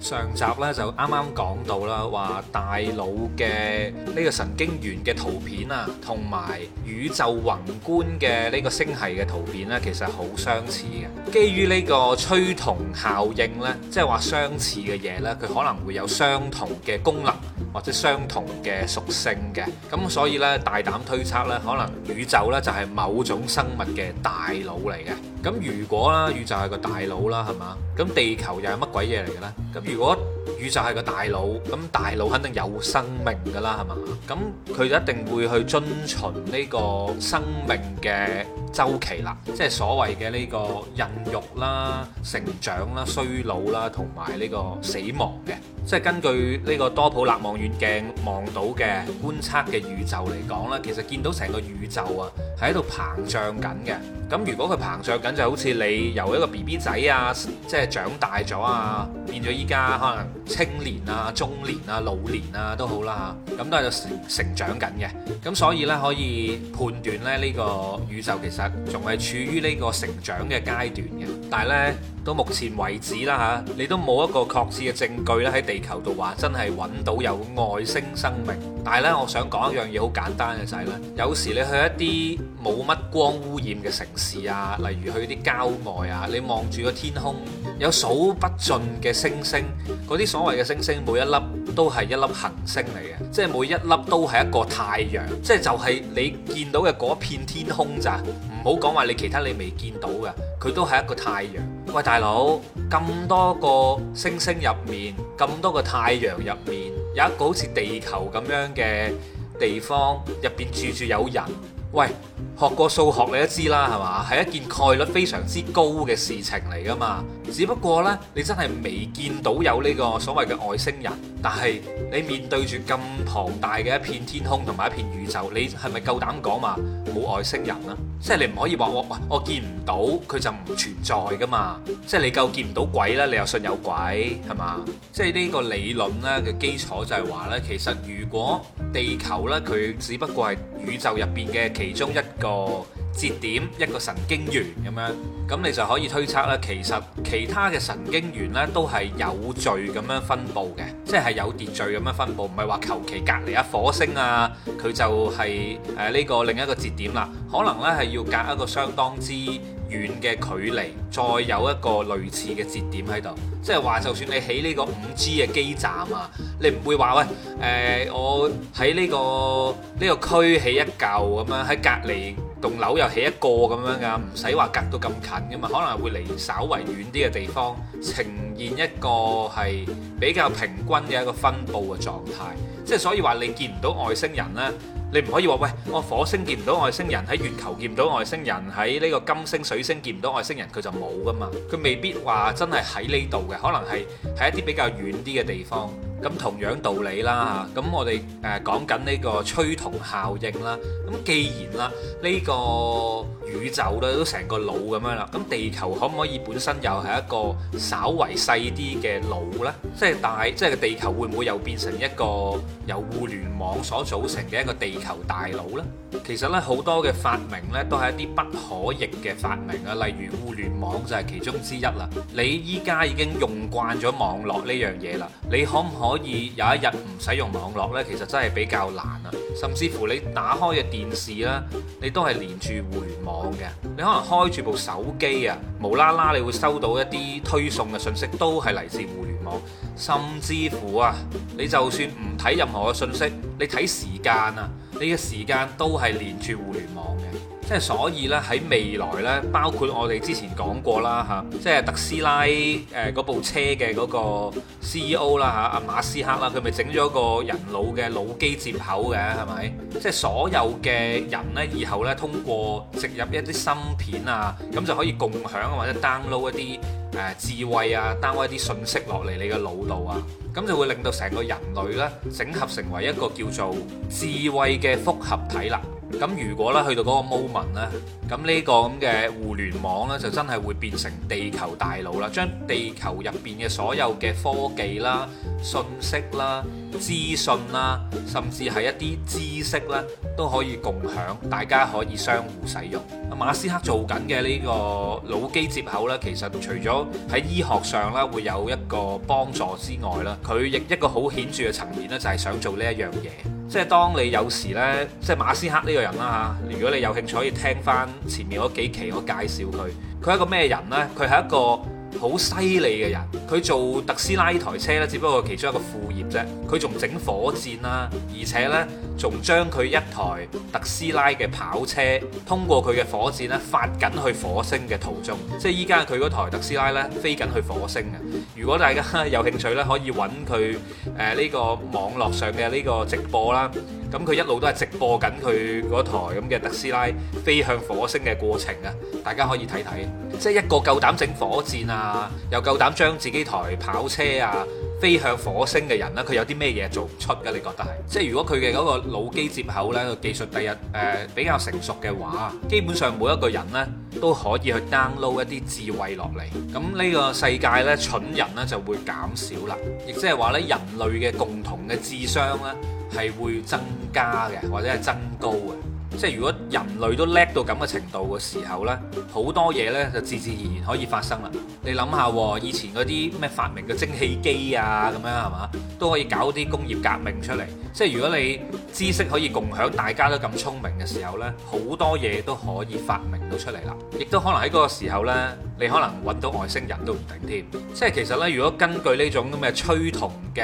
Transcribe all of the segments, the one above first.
上集咧就啱啱講到啦，話大腦嘅呢個神經元嘅圖片啊，同埋宇宙宏觀嘅呢個星系嘅圖片呢，其實好相似嘅。基於呢個趨同效應呢，即係話相似嘅嘢呢，佢可能會有相同嘅功能或者相同嘅屬性嘅。咁所以呢，大膽推測呢，可能宇宙呢就係某種生物嘅大腦嚟嘅。咁如果啦，宇宙係個大佬啦，係嘛？咁地球又係乜鬼嘢嚟嘅咧？咁如果宇宙係個大佬，咁大佬肯定有生命噶啦，係嘛？咁佢就一定會去遵循呢個生命嘅周期啦，即係所謂嘅呢個孕育啦、成長啦、衰老啦同埋呢個死亡嘅。即係根據呢個多普勒望遠鏡望到嘅觀測嘅宇宙嚟講啦，其實見到成個宇宙啊，係喺度膨脹緊嘅。咁如果佢膨脹緊，就好似你由一個 BB 仔啊，即係長大咗啊，變咗依家可能青年啊、中年啊、老年啊都好啦嚇，咁都係在成成長緊嘅。咁所以呢，可以判斷呢，呢個宇宙其實仲係處於呢個成長嘅階段嘅。但係呢，到目前為止啦嚇、啊，你都冇一個確切嘅證據咧喺地球度話真係揾到有外星生命。但係呢，我想講一樣嘢好簡單嘅就係、係、呢有時你去一啲冇乜光污染嘅城市啊，例如去啲郊外啊，你望住個天空。有數不盡嘅星星，嗰啲所謂嘅星星，每一粒都係一粒恆星嚟嘅，即係每一粒都係一個太陽，即係就係你見到嘅嗰片天空咋，唔好講話你其他你未見到嘅，佢都係一個太陽。喂，大佬，咁多個星星入面，咁多個太陽入面，有一個好似地球咁樣嘅地方入邊住住有人，喂，學過數學你都知啦，係嘛？係一件概率非常之高嘅事情嚟㗎嘛。只不過呢，你真係未見到有呢個所謂嘅外星人，但係你面對住咁龐大嘅一片天空同埋一片宇宙，你係咪夠膽講嘛冇外星人啊？即係你唔可以話我我見唔到佢就唔存在噶嘛？即係你夠見唔到鬼啦，你又信有鬼係嘛？即係呢個理論呢嘅基礎就係話呢，其實如果地球呢，佢只不過係宇宙入邊嘅其中一個。節點一個神經元咁樣，咁你就可以推測咧。其實其他嘅神經元咧都係有序咁樣分布嘅，即係有秩序咁樣分布。唔係話求其隔離啊，火星啊，佢就係誒呢個另一個節點啦。可能咧係要隔一個相當之遠嘅距離，再有一個類似嘅節點喺度。即係話，就算你起呢個五 G 嘅基站啊，你唔會話喂誒，我喺呢個呢個區起一嚿咁樣喺隔離，棟樓又起一個咁樣㗎，唔使話隔到咁近噶嘛，可能會離稍為遠啲嘅地方呈現一個係比較平均嘅一個分布嘅狀態。即係所以話你見唔到外星人咧，你唔可以話喂，我火星見唔到外星人，喺月球見唔到外星人，喺呢個金星水星見唔到外星人，佢就冇噶嘛，佢未必話真係喺呢度嘅，可能係喺一啲比較遠啲嘅地方。咁同樣道理啦嚇，咁我哋誒講緊呢個吹同效應啦。咁既然啦、這個，呢個宇宙咧都成個腦咁樣啦，咁地球可唔可以本身又係一個稍為細啲嘅腦呢？即係大，即係個地球會唔會又變成一個由互聯網所組成嘅一個地球大腦呢？其實呢，好多嘅發明呢都係一啲不可逆嘅發明啊，例如互聯網就係其中之一啦。你依家已經用慣咗網絡呢樣嘢啦，你可唔可以有一日唔使用網絡呢？其實真係比較難啊。甚至乎你打開嘅電視啦，你都係連住互聯網。你可能開住部手機啊，無啦啦你會收到一啲推送嘅信息，都係嚟自互聯網，甚至乎啊，你就算唔睇任何嘅信息，你睇時間啊，你嘅時間都係連住互聯網。即係所以咧，喺未來咧，包括我哋之前講過啦嚇，即係特斯拉誒嗰部車嘅嗰個 CEO 啦嚇，阿馬斯克啦，佢咪整咗個人腦嘅腦機接口嘅係咪？即係、就是、所有嘅人咧，以後咧通過植入一啲芯片啊，咁就可以共享或者 download 一啲誒智慧啊，download 一啲信息落嚟你嘅腦度啊，咁就會令到成個人類咧整合成為一個叫做智慧嘅複合體啦。咁如果咧去到嗰個 moment 咧，咁呢個咁嘅互聯網咧就真係會變成地球大腦啦，將地球入邊嘅所有嘅科技啦、信息啦、資訊啦，甚至係一啲知識啦，都可以共享，大家可以相互使用。馬斯克做緊嘅呢個腦機接口咧，其實除咗喺醫學上啦會有一個幫助之外啦，佢亦一個好顯著嘅層面咧就係想做呢一樣嘢。即係當你有時呢，即係馬斯克呢個人啦嚇。如果你有興趣，可以聽翻前面嗰幾期我介紹佢。佢係一個咩人呢？佢係一個好犀利嘅人，佢做特斯拉呢台車呢，只不過其中一個副業啫。佢仲整火箭啦，而且呢，仲將佢一台特斯拉嘅跑車通過佢嘅火箭呢發緊去火星嘅途中。即係依家佢嗰台特斯拉呢飛緊去火星嘅。如果大家有興趣呢，可以揾佢誒呢個網絡上嘅呢個直播啦。咁佢一路都係直播緊佢嗰台咁嘅特斯拉飛向火星嘅過程啊！大家可以睇睇，即係一個夠膽整火箭啊，又夠膽將自己台跑車啊飛向火星嘅人呢，佢有啲咩嘢做唔出㗎？你覺得係？即係如果佢嘅嗰個腦機接口呢個技術第日誒比較成熟嘅話，基本上每一個人呢都可以去 download 一啲智慧落嚟，咁呢個世界呢，蠢人呢就會減少啦，亦即係話呢人類嘅共同嘅智商呢。係會增加嘅，或者係增高嘅。即係如果人類都叻到咁嘅程度嘅時候呢，好多嘢呢就自自然然可以發生啦。你諗下喎，以前嗰啲咩發明嘅蒸汽機啊，咁樣係嘛，都可以搞啲工業革命出嚟。即係如果你知識可以共享，大家都咁聰明嘅時候呢，好多嘢都可以發明到出嚟啦。亦都可能喺嗰個時候呢。你可能揾到外星人都唔定添，即係其實呢，如果根據呢種咁嘅趨同嘅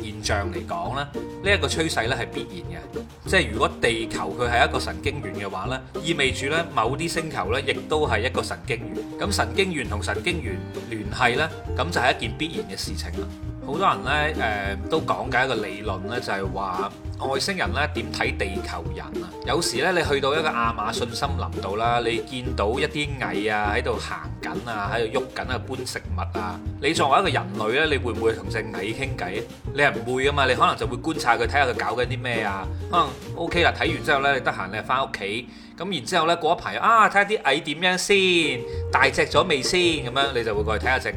現象嚟講咧，呢、這、一個趨勢咧係必然嘅。即係如果地球佢係一個神經元嘅話呢，意味住呢某啲星球呢亦都係一個神經元。咁神經元同神經元聯繫呢，咁就係一件必然嘅事情啦。好多人呢誒、呃、都講解一個理論呢，就係話。外星人咧點睇地球人啊？有時咧你去到一個亞馬遜森林度啦，你見到一啲蟻啊喺度行緊啊，喺度喐緊啊搬食物啊。你作為一個人類咧，你會唔會同隻蟻傾偈？你係唔會噶嘛？你可能就會觀察佢，睇下佢搞緊啲咩啊。可能 OK 啦，睇完之後呢，你得閒你翻屋企。咁然之後呢，過一排啊，睇下啲蟻點樣先，大隻咗未先，咁樣你就會過去睇下隻蟻。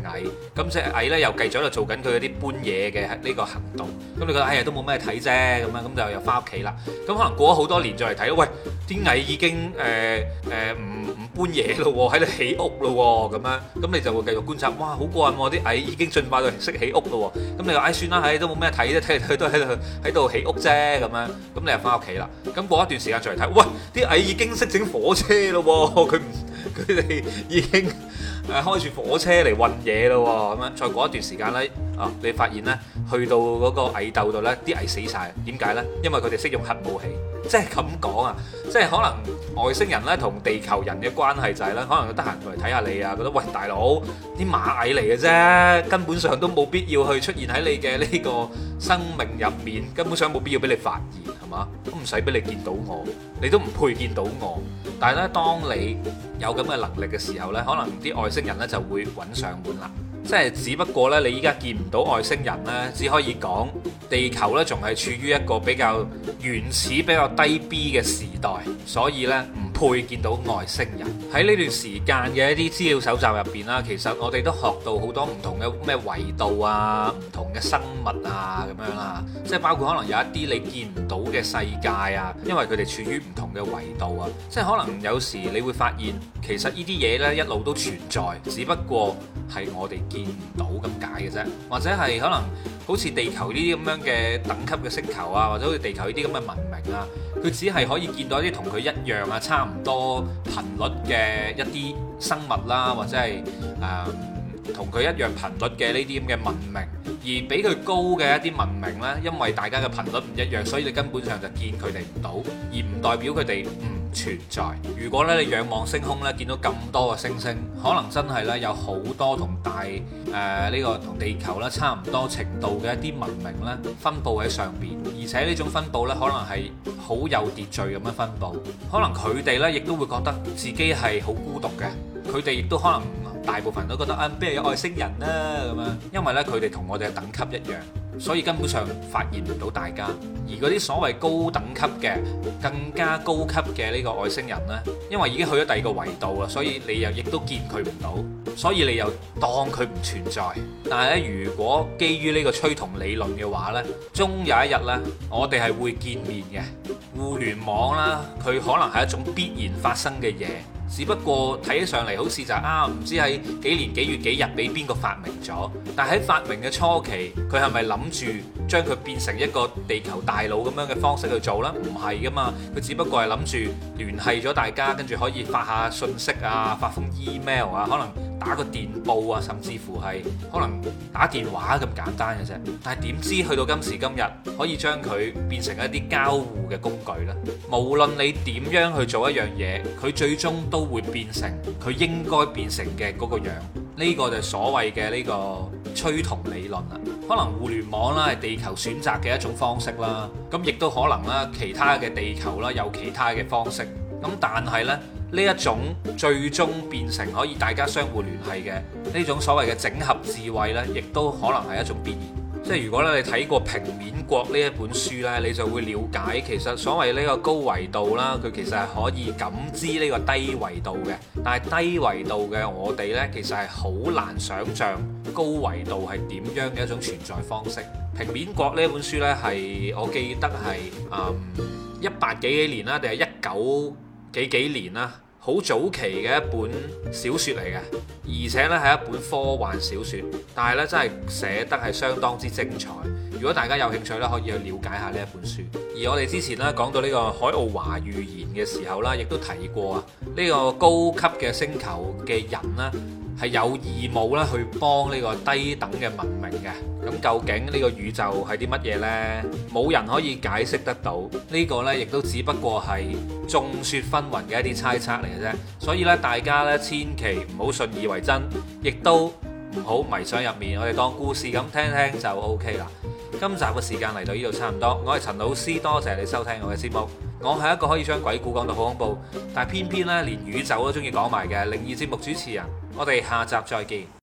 咁隻蟻呢，又繼續喺度做緊佢嗰啲搬嘢嘅呢個行動。咁你覺得，哎呀，都冇咩睇啫，咁樣咁就又返屋企啦。咁可能過咗好多年再嚟睇咯，喂。啲蟻已經誒誒唔唔搬嘢咯喎，喺度起屋咯喎，咁樣咁你就會繼續觀察，哇，好過癮喎！啲蟻已經進化到識起屋咯喎，咁你話唉算啦，唉都冇咩睇啫，睇佢都喺度喺度起屋啫咁樣，咁你又翻屋企啦。咁過一段時間再嚟睇，喂，啲蟻已經識整火車咯喎，佢唔佢哋已經誒開住火車嚟運嘢咯喎，咁樣再過一段時間咧，啊，你發現咧，去到嗰個蟻竇度咧，啲蟻死晒。點解咧？因為佢哋識用核武器。即係咁講啊，即係可能外星人咧同地球人嘅關係就係咧，可能得閒過嚟睇下你啊，覺得，喂，大佬，啲螞蟻嚟嘅啫，根本上都冇必要去出現喺你嘅呢個生命入面，根本上冇必要俾你發現，係嘛？都唔使俾你見到我，你都唔配見到我。但係咧，當你有咁嘅能力嘅時候咧，可能啲外星人咧就會揾上門啦。即係，只不過呢，你依家見唔到外星人呢，只可以講地球呢，仲係處於一個比較原始、比較低 B 嘅時代，所以呢。會見到外星人，喺呢段時間嘅一啲資料搜集入邊啦，其實我哋都學到好多唔同嘅咩維度啊，唔同嘅生物啊咁樣啦、啊，即係包括可能有一啲你見唔到嘅世界啊，因為佢哋處於唔同嘅維度啊，即係可能有時你會發現其實呢啲嘢呢一路都存在，只不過係我哋見唔到咁解嘅啫，或者係可能好似地球呢啲咁樣嘅等級嘅星球啊，或者好似地球呢啲咁嘅文明啊。佢只係可以見到一啲同佢一樣啊、差唔多頻率嘅一啲生物啦，或者係誒同佢一樣頻率嘅呢啲咁嘅文明，而比佢高嘅一啲文明呢，因為大家嘅頻率唔一樣，所以你根本上就見佢哋唔到，而唔代表佢哋唔存在，如果咧你仰望星空咧，見到咁多嘅星星，可能真係咧有好多同大誒呢、呃呢個同地球咧差唔多程度嘅一啲文明呢，分布喺上邊，而且呢種分布呢，可能係好有秩序咁樣分布，可能佢哋呢，亦都會覺得自己係好孤獨嘅，佢哋亦都可能大部分都覺得誒，邊、啊、有外星人呢、啊、咁樣，因為呢，佢哋同我哋嘅等級一樣。所以根本上發現唔到大家，而嗰啲所謂高等級嘅、更加高級嘅呢個外星人呢，因為已經去咗第二個位度啦，所以你又亦都見佢唔到，所以你又當佢唔存在。但係咧，如果基於呢個趨同理論嘅話呢，終有一日呢，我哋係會見面嘅。互聯網啦，佢可能係一種必然發生嘅嘢。只不過睇起上嚟好似就係，啊，唔知喺幾年幾月幾日俾邊個發明咗？但喺發明嘅初期，佢係咪諗住將佢變成一個地球大腦咁樣嘅方式去做呢？唔係噶嘛，佢只不過係諗住聯繫咗大家，跟住可以發下信息啊，發封 email 啊，可能。打個電報啊，甚至乎係可能打電話咁簡單嘅啫。但係點知去到今時今日，可以將佢變成一啲交互嘅工具呢。無論你點樣去做一樣嘢，佢最終都會變成佢應該變成嘅嗰個樣。呢個就所謂嘅呢個趨同理論啦。可能互聯網啦係地球選擇嘅一種方式啦。咁亦都可能啦，其他嘅地球啦有其他嘅方式。咁但係呢。呢一種最終變成可以大家相互聯繫嘅呢種所謂嘅整合智慧呢，亦都可能係一種必然。即係如果咧你睇過《平面國》呢一本書呢，你就會了解其實所謂呢個高維度啦，佢其實係可以感知呢個低維度嘅。但係低維度嘅我哋呢，其實係好難想像高維度係點樣嘅一種存在方式。《平面國》呢本書呢，係我記得係誒一八幾幾年啦，定係一九幾幾年啦，好早期嘅一本小説嚟嘅，而且呢係一本科幻小説，但係呢真係寫得係相當之精彩。如果大家有興趣呢，可以去了解下呢一本書。而我哋之前呢講到呢個海奧華預言嘅時候啦，亦都提過啊，呢個高級嘅星球嘅人呢，係有義務呢去幫呢個低等嘅文明嘅。咁究竟呢個宇宙係啲乜嘢呢？冇人可以解釋得到，呢個呢，亦都只不過係眾說紛紜嘅一啲猜測嚟嘅啫。所以咧，大家呢，千祈唔好信以為真，亦都唔好迷上入面。我哋當故事咁聽聽就 OK 啦。今集嘅時間嚟到呢度差唔多，我係陳老師，多謝你收聽我嘅節目。我係一個可以將鬼故講到好恐怖，但係偏偏呢，連宇宙都中意講埋嘅靈異節目主持人。我哋下集再見。